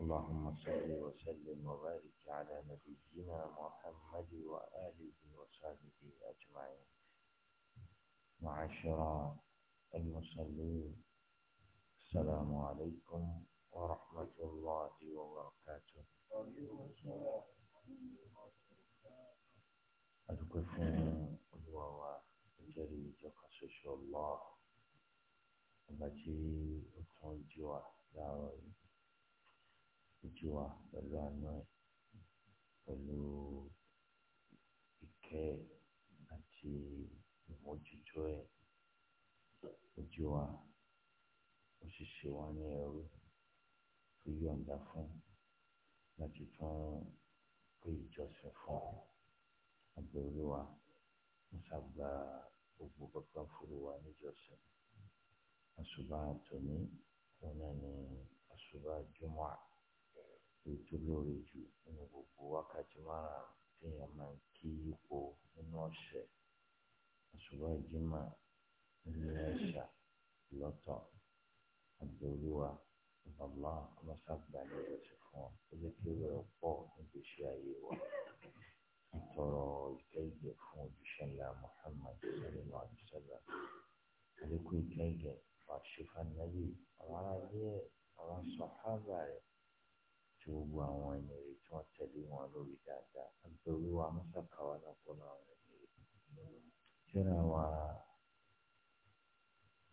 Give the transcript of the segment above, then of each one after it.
اللهم صل وسلم وبارك على نبينا محمد وآله وصحبه أجمعين معاشر المصلين السلام عليكم ورحمة الله وبركاته أدقفون الواوى الجريد قصص الله التي أتوجه دعوة jù wá pẹ̀lú àánú ẹ̀ pẹ̀lú ìkẹ́ àti ìmójútó ẹ̀ ojú wa ó sì ṣe wá ní ẹrú tó yọ̀ǹda fún láti tún pé ìjọsìn fún abẹ́olúwa ń ṣàgbà gbogbo bàbá fúru wa níjọsìn àṣùbà tòní òun náà ni àṣùbà jùmọ̀ àti èyí tó lóore jù nínú gbogbo wákàtí márùn-ún téèyàn máa ń kí ipò nínú ọ̀sẹ̀ àṣùbà ìjímà nílé ẹ̀ṣà lọ́tọ̀ àbẹ̀olúwa bàbá ọmọṣàgbàlẹ̀ ẹ̀sìn fún ọ ó jẹ́ kí rẹ̀ pọ̀ nígbèsí ayé wa ìtọrọ ìfẹ́ ìgbẹ́ fún ojúṣe ńlá Muhammad sallallahu alaihi àlékún ìkẹ́gẹ́ wàá ṣe àwọn aráàlú àwọn sọ̀hábà rẹ̀. àti gbogbo àwọn ẹni rẹ̀ tí wọ́n tẹ̀lé wọn lórí dáadáa àti olúwa mọ́sàkà wa lọ́pọ̀lọ́ àwọn ẹni rẹ̀. Tíra wa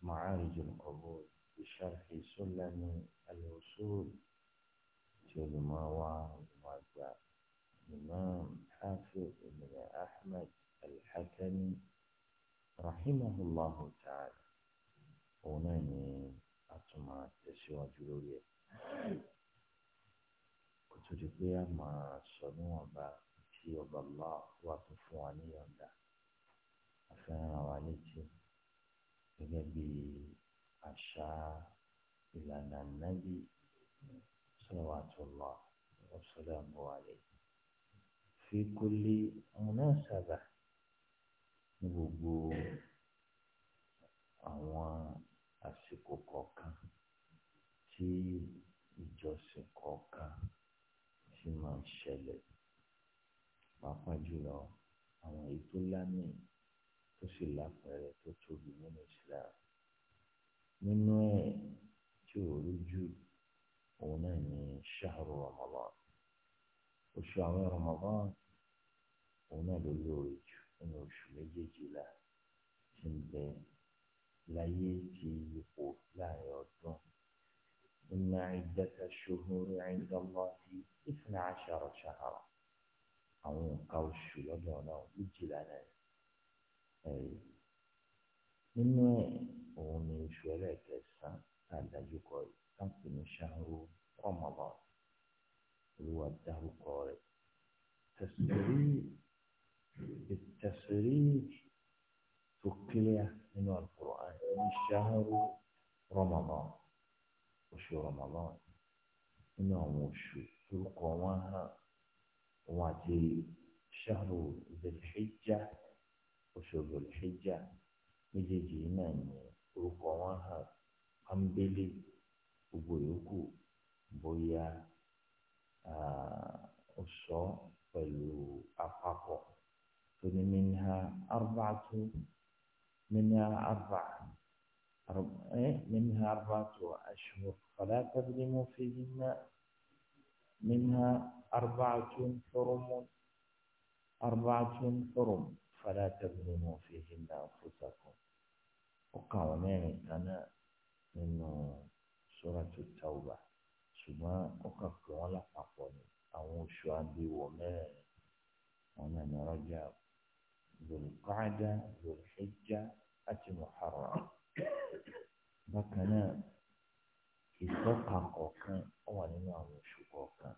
معارج القبول بشرح سلم الوصول تلماوى المعجب الإمام حافظ بن أحمد الحكمي رحمه الله تعالى ونني أطمع تسوى جلوليه torí pé a máa sọ níwọ̀nba tí ọba Allah wà tó fún wa níyọ̀ǹda àfihàn wa létí gẹ́gẹ́ bí àṣà ìlànà nábì salawatullah wa salamu alayhi fi kulli munasaba ní gbogbo àwọn àsìkò kọ̀ọ̀kan tí ìjọsìn kọ̀ọ̀kan tí máa ń ṣẹlẹ̀ pàápàá jùlọ àwọn èyí tó lámì tó sì lápẹẹrẹ tó tóbi nínú Islam nínú ẹ̀ tí ò rújú òun náà ní ṣáàrù Ramadan oṣù àwọn Ramadan òun náà ló lóore jù nínú oṣù méjèèjìlá tí ń bẹ láyé ti yípo láàrin ọdún. إن عدة الشهور عند الله اثنا عشر شهرا أو أو شو دونا بجلانا أي من ومن شو لك إسا هذا يقول تنقل شهر رمضان هو الدهر قوي تسريج التسريج تقلية من القرآن من شهر رمضان oṣù Ramadan nínú àwọn oṣù orúkọ wọn hàn wọn àti ṣáàrù zèlìṣẹjà oṣù zèlìṣẹjà méjèèjì yìí náà ní orúkọ wọn hàn pàmbélé gbogbo yòókù bóyá ó sọ pẹ̀lú àpapọ̀ tó ní minha arba'atu minha arba'a. إيه؟ منها أربعة أشهر فلا تظلموا فيهن منها أربعة حرم أربعة حرم فلا تظلموا فيهن أنفسكم وقاونين أنا من سورة التوبة ثم أكفر ولا فقوني أو شعبي وما أنا نرجع ذو القعدة ذو الحجة أتي محرم bákan náà ìtọ́ka kọ̀ọ̀kan ó wà nínú àwọn oṣù kọ̀ọ̀kan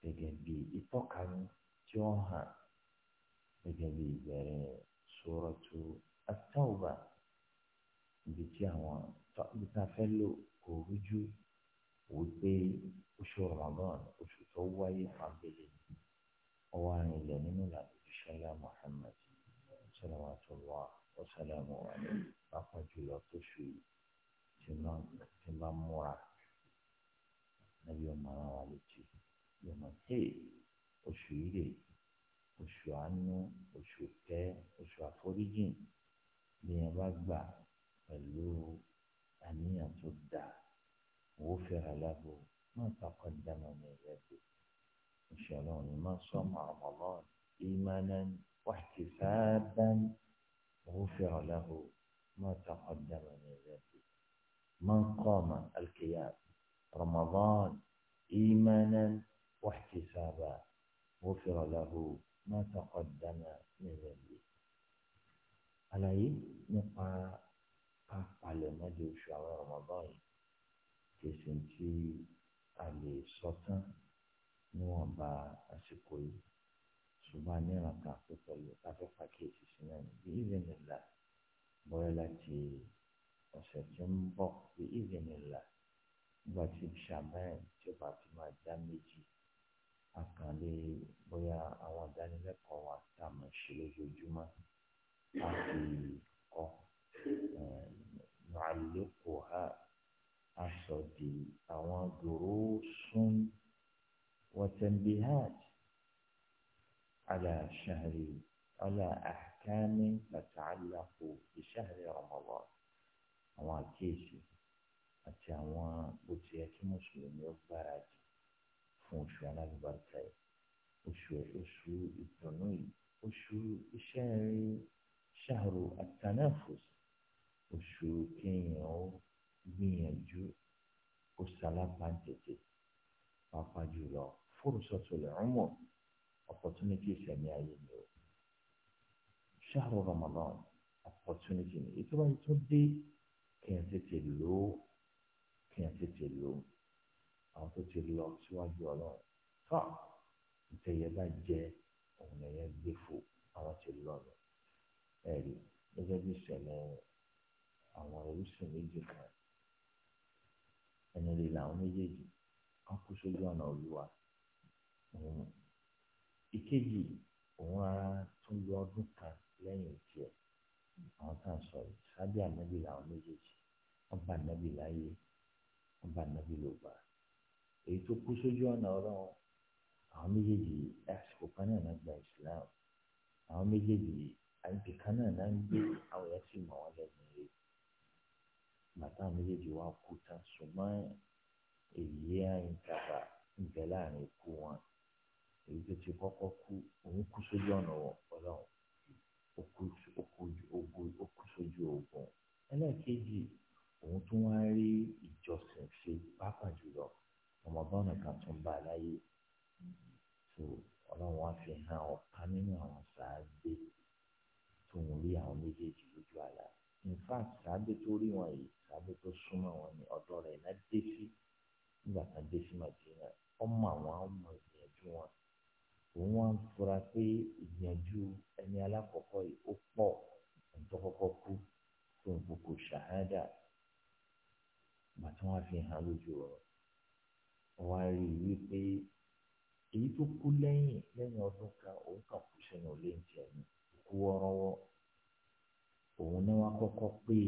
gẹ́gẹ́ bí ìtọ́ka tí ó hàn gẹ́gẹ́ bí ìbẹ̀rẹ̀ suratu at-Tawba ibi tí àwọn ibi tá a fẹ́ lò kò rújú wípé oṣù Ramadan oṣù tó wáyé fàbílẹ̀ ọwọ́ àrùn ilẹ̀ nínú ìlànà ìṣẹ́lá Muhammad sallallahu alaihi wa sallam pàápàá jùlọ tó ṣù tí máa tí máa múra níbi ọmọ ara wa létí ìmọ̀ tí oṣù ire oṣù àánú oṣù kẹ́ oṣù àforíjìn bí yẹn bá gbà pẹ̀lú àníyàn tó dáa owó fẹ́ra lágbo máa takọ̀ dáná ní ẹ̀yẹ́ gbé ìṣẹ̀lẹ̀ òní máa sọ́mọ́ àmọ́ náà ìmọ̀ náà wàhálà sáábà owó fẹ́ra lágbo. ما تقدم من ذاته من قام القيام رمضان إيمانا واحتسابا غفر له ما تقدم من ذنبه على نقا على مدى شهر رمضان في سنتي علي صوتا نوبا أسكوي سبحان الله تعطي طيب أتفقى كيسي سنان بإذن الله bóyá láti ọ̀sẹ̀ tó ń bọ̀ bí ìrìnnìlà nígbà tí ṣàmáì tí ó bá fi máa já méjì àkànlé bóyá àwọn ìdánilẹ́kọ̀ọ́ wa tá a ṣe lójoojúmọ́ láti kọ́ eh, nàlẹ́kọ̀ọ́ ha aṣọ di àwọn gòrò sún wọ́tẹ́ńbíhàj على شهر على أحكام تتعلق بشهر رمضان àwọn àkíyèsí àti àwọn bó ti yẹ kí mùsùlùmí ó gbáradì fún oṣù alágbàtà yìí oṣù oṣù ìdùnnú yìí oṣù iṣẹ́ rí ṣàrò àtànáfòs oṣù kéèyàn ó gbìyànjú kó salápàǹtẹ̀tẹ̀ pàápàá jùlọ fòrùsọ̀tò lè rán mọ́ opportunity ìsẹ̀mí ayé ni o ṣáàrù Ramadan opportunity ni ètò báyìí tó dé kìyàn tètè lò ó kìyàn tètè lò ó àwọn tó ti lọ síwájú Ọlọ́run tó ìtẹ̀yẹ bá jẹ òun ẹ̀yẹ gbé fò àwọn ti lọ lọ ẹ̀rí gẹ́gẹ́ bí ìṣẹ̀lẹ̀ àwọn orísun méjì kan ẹni rí làwọn méjèèjì wọn kú sójú ọ̀nà Olúwa ìkejì òun rárá lo ọdún kan lẹ́yìn òjì ẹ̀ àwọn tá à ń sọ yìí sábẹ́ ànábì làwọn méjèèjì wọ́n bá ànábì láyé wọ́n bá ànábì ló gbà èyí tó kú sójú ọ̀nà ọlọ́run àwọn méjèèjì àsìkò kan náà náà gba Islam àwọn méjèèjì àìbì kan náà náà ń gbé àwọn yẹn sì mọ̀ wọ́n lẹ́nu rẹ̀ bàtà méjèèjì wá kú tán ṣùgbọ́n èyí á ń tàbà ń bẹ láàrin ikú wọn èyí tó ti kọ́kọ́ kú òun kú sójú ọ̀nà ọlọ́run ó kú sójú ogun ẹlẹ́ẹ̀kejì wá fi hàn lójú ọ̀rọ̀ wá rí i wípé èyí tó kú lẹ́yìn lẹ́yìn ọdún kan òun kàn kú sínú ilé ìjẹ ni kú ọ̀rọ̀wọ́ òun náà wá kọ́kọ́ pé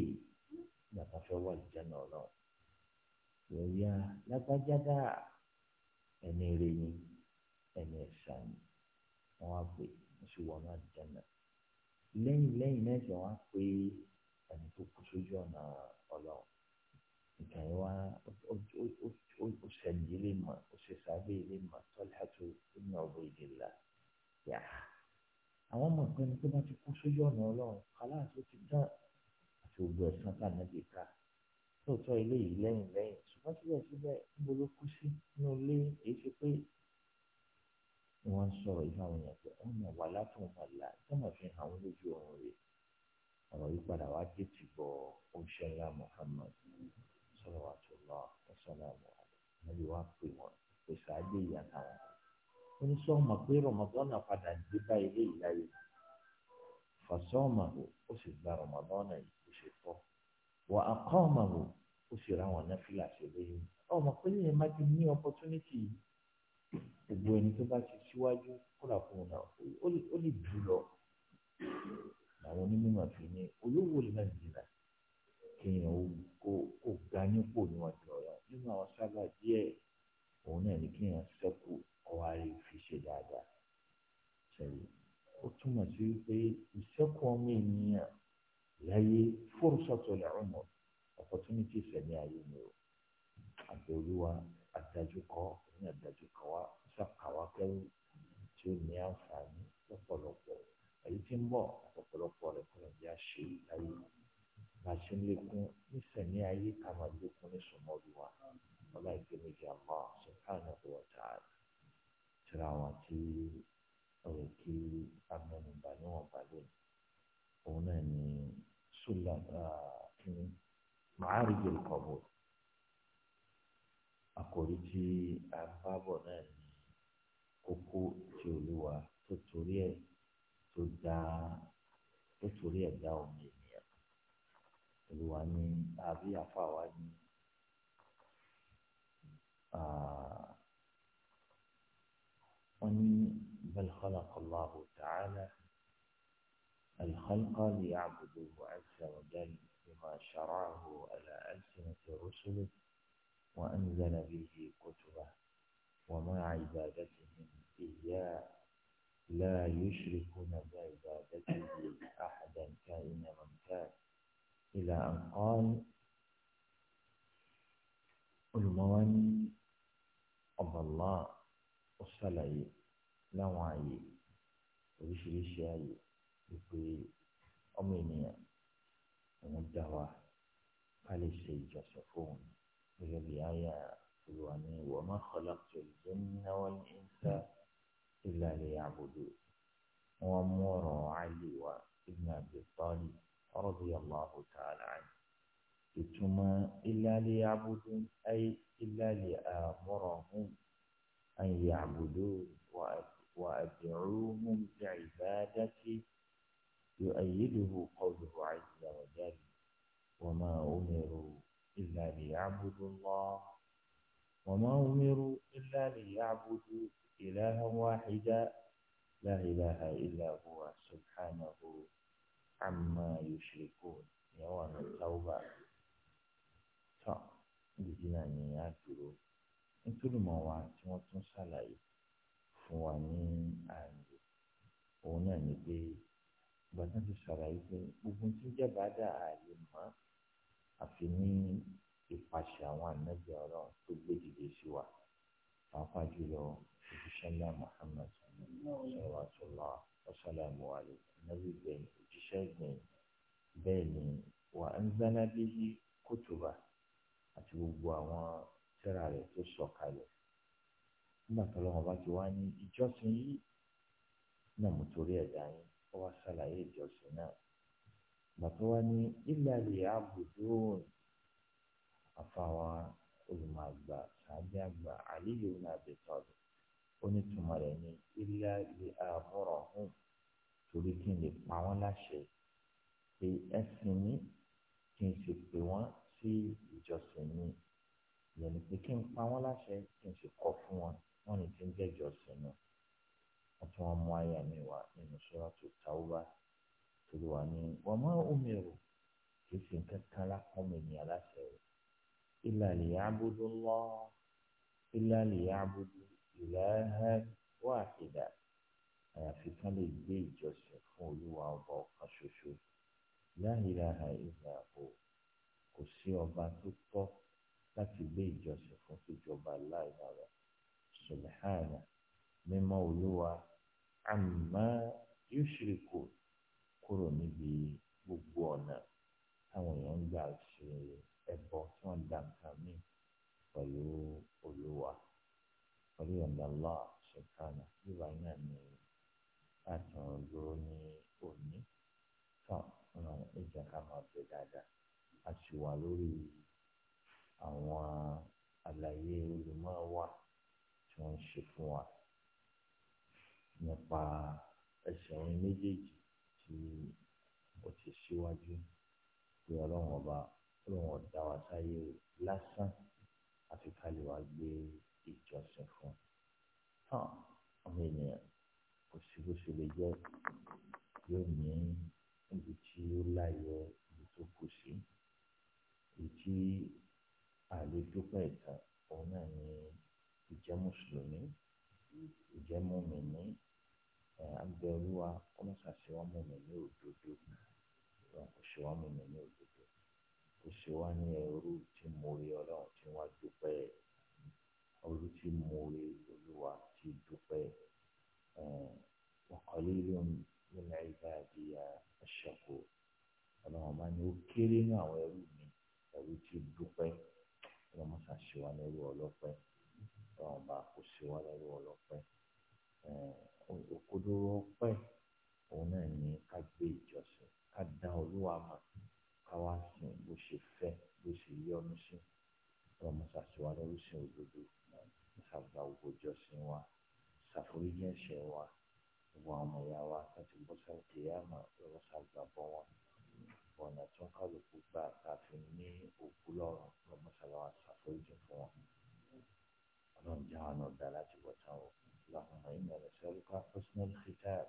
bàbá fẹ́ wà ìjẹun ọ̀rọ̀ lọ́yà lágbájádá ẹni rẹ ni ẹni ẹ̀sà ni wọ́n á pè é sì wọ́n náà jẹun lẹ́yìn lẹ́yìn náà ṣe wọ́n á pé ẹni tó kú sójú ọ̀nà ọlọ́run ìtàn yẹn wá ó ṣẹlẹ̀ ilé mọ̀ ó ṣe sábẹ́ ilé mọ̀ tọ́lá tó ní ọ̀bọ̀ ìdè ńlá yá àwọn ọmọ ìpín ni pé wọ́n ti kú sójú ọ̀nà ọlọ́run aláàtò ti dán àti gbogbo ẹ̀sán tá nàbì ká lóòótọ́ ilé yìí lẹ́yìn lẹ́yìn ṣùgbọ́n síbẹ̀síbẹ̀ níbo ló kú sí nínú ilé èyí ṣe pé wọ́n ń sọ̀rọ̀ yìí fáwọn èèyàn pé wọ́n mọ̀ wá látọ̀ tọ́mọ̀ fi hàn wọ́n lójú ọ̀run rẹ̀ ọ̀rọ̀ yìí padà wá dé ti bọ̀ ọ̀ṣẹ́lá Muhammad salawatullah wa salamu alayhi níbi wàá pè wọn pèsè àgbè ìyá táwọn ó ní sọ ọmọ pé rọmọdọ́nà padà dé bá ilé ìláyé fasọ́ọ̀màwò ó sì gba rọmọdọ́nà yìí ó opportunity gbogbo ẹni tó bá ti síwájú fún un náà ó lè lọ làwọn onímọ̀ fi ní olówó lẹ́yìn náà kéèyàn ó wù. kó kó ga nípò níwájú ọ̀la nínú àwọn sábà díẹ̀ òun náà ní kí èèyàn sẹ́kù ọwọ́ ààrẹ fi ṣe dáadáa ṣẹlẹ̀ ó túmọ̀ sí wípé ìṣẹ́kù ọmọ ènìyàn láyé fórúsọ̀tò lẹ́rùmọ̀ opportunity sẹ̀mí ayé ni o àbẹ̀olúwa àdájúkọ ní àdájúkọ wa ṣàkàwá kẹ́rù tí ó ní àǹfààní lọ́pọ̀lọpọ̀ èyí tí ń bọ̀ àtọ̀pọ̀lọpọ̀ rẹ̀ kọ́ ẹ̀ bí a ṣe láyé bá a ṣe ń lékún nísẹ̀mí ayé ká máa lékún ní sọmọlù wa ọlá ìgbé méjì àmọ́ sọ̀kánà tó wọ̀tá síra wọn tí ni sùlá ní màárìjì kọ̀bù àkòrí ni kókó tí olúwa tó torí ẹ̀ olùwà ni àbí àfàwà ni wọ́n ní bal khalaqa Allahu ta'ala الخلق ليعبدوه عز وجل بما شرعه على ألسنة رسله وأنزل به كتبه ومع عبادتهم إياه لا يشركون بعبادته أحدا كائنا من كان إلى أن قال المواني أم الله الصلاة نوعي oríṣiríṣi ààyè ìpè ọmọ ènìyàn òun dá wa ká lè ṣe ìjọsìn fóun gẹ́gẹ́ bí àyà olùwà ní ìwọ má khalaqtu al-jinna wal-insa illa liya'budun wọn mú ọ̀rọ̀ àlè wa ibn Abi Talib. رضي الله تعالى عنه ثم إلا ليعبدون أي إلا لآمرهم أن يعبدون وأدعوهم بعبادتي يؤيده قوله عز وجل وما أمروا إلا ليعبدوا الله وما أمروا إلا ليعبدوا إلها واحدا لا إله إلا هو سبحانه àmọ́ ìṣèkò ní wà ní táwùbà tó gidi náà ní àdúró nítorí mọ̀ wá tí wọ́n tún ṣàlàyé fún wa ní àyè òun náà ni pé gbàtà ti ṣàlàyé pé gbogbo tí ń jẹba dà àyè mọ́ àfi ní ìpàṣẹ àwọn ànábì ọ̀rọ̀ tó gbé dìde sí wa pàápàá jùlọ ojúṣẹlá Muhammad sọlá sọlá ọsàlámù alẹ nàbí gbẹ̀yìn. ṣẹ́gun bẹ́ẹ̀ ni wà ń zánà bí i kútùbà àti gbogbo àwọn tírà rẹ̀ tó sọ̀kalẹ̀ nígbà tó lọ́wọ́ na ti wá ní ìjọsìn yìí náà mo torí ẹ̀dá yín ó wá torí kí n lè pa wọ́n láṣẹ pé ẹ̀sìn mi kí n sì pè wọ́n sí ìjọsìn mi ìyẹn ni pé kí n pa wọ́n láṣẹ kí n sì kọ́ fún wọn wọ́n ní ti ń jẹ́ ìjọsìn náà wọ́n tún wọ́n mú àyà mi wá nínú Suratu Tawbah torí wà ní wa ma umiru kì í sì ń kankan lápọ́n mi ní aláṣẹ rẹ̀ illa liya'budu Allah illa liya'budu ilahan wahida. àyàfi kán lè gbé ìjọsìn fún olúwa ọba ọkọ ṣoṣo láhìláhà ìlàbò kò sí ọba tó tọ́ láti gbé ìjọsìn fún tìjọba láìlá rẹ̀ mímọ́ olúwa àmọ́ yushriku kúrò níbi gbogbo ọ̀nà táwọn èèyàn ń gbà ṣe ẹbọ tí wọ́n dá nǹkan mí pẹ̀lú olúwa pẹ̀lú ọ̀nà àtún lò ní òní tán ọ̀nà ìjà ká máa bẹ dáadáa a sì wà lórí àwọn àlàyé olùmọ̀ wa tí wọ́n ń ṣe fún wa nípa ẹsẹ̀ orin méjèèjì tí ó ti síwájú pé ọlọ́run ọba ọlọ́run ọ̀dá wa sáyé lásán àti ká lè wá gbé ìjọsìn fún un. tán ọmọ kò bó ṣe lè jẹ́ yóò ní ibi tí ó láyọ̀ ibi tó kù sí ibi tí àlejòpọ̀ ìtàn òun náà ni ìjẹ́ mùsùlùmí ìjẹ́ mùmìnì àgbẹ̀ olúwa ọlọ́sà ṣe mùmìnì òdodo kò ṣe wá mùmìnì òdodo kò ṣe wá ní ẹrú. gbogbo ìjọsìn wa ṣàforíjì ẹ̀ṣẹ̀ wa gbogbo àwọn ọmọ ìyá wa láti bọ́ sáàkì yàmà lọ́wọ́ ṣàgbàbọ̀ wọn ọ̀nà tó ń kálukú gbà láti ní òkú lọ́rùn lọ́mọ sábà ṣàforíjì fún wọn ọlọ́run jẹ́ àwọn ọ̀dà láti bọ̀ tán o اللهم إنا نسألك حسن الختام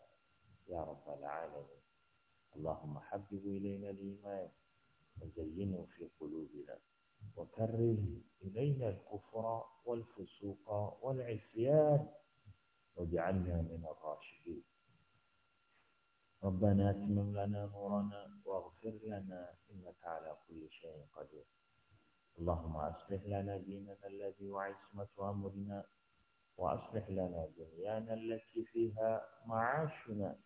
يا رب العالمين اللهم حبب إلينا الإيمان وزينه في قلوبنا وكره إلينا الكفر والفسوق والعصيان واجعلنا من الراشدين ربنا اتمم لنا نورنا واغفر لنا إنك على كل شيء قدير اللهم أصلح لنا ديننا الذي هو عصمة أمرنا وأصلح لنا دنيانا التي فيها معاشنا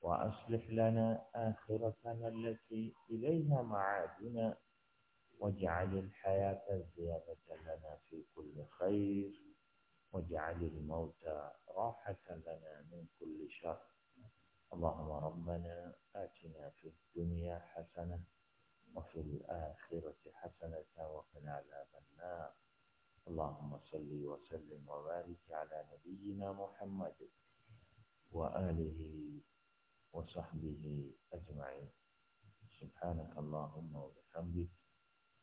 وأصلح لنا آخرتنا التي إليها معادنا واجعل الحياة زيادة لنا في كل خير واجعل الموت راحة لنا من كل شر اللهم ربنا آتنا في الدنيا حسنة وفي الآخرة حسنة وقنا عذاب النار اللهم صل وسلم وبارك على نبينا محمد وآله وصحبه أجمعين سبحانك اللهم وبحمدك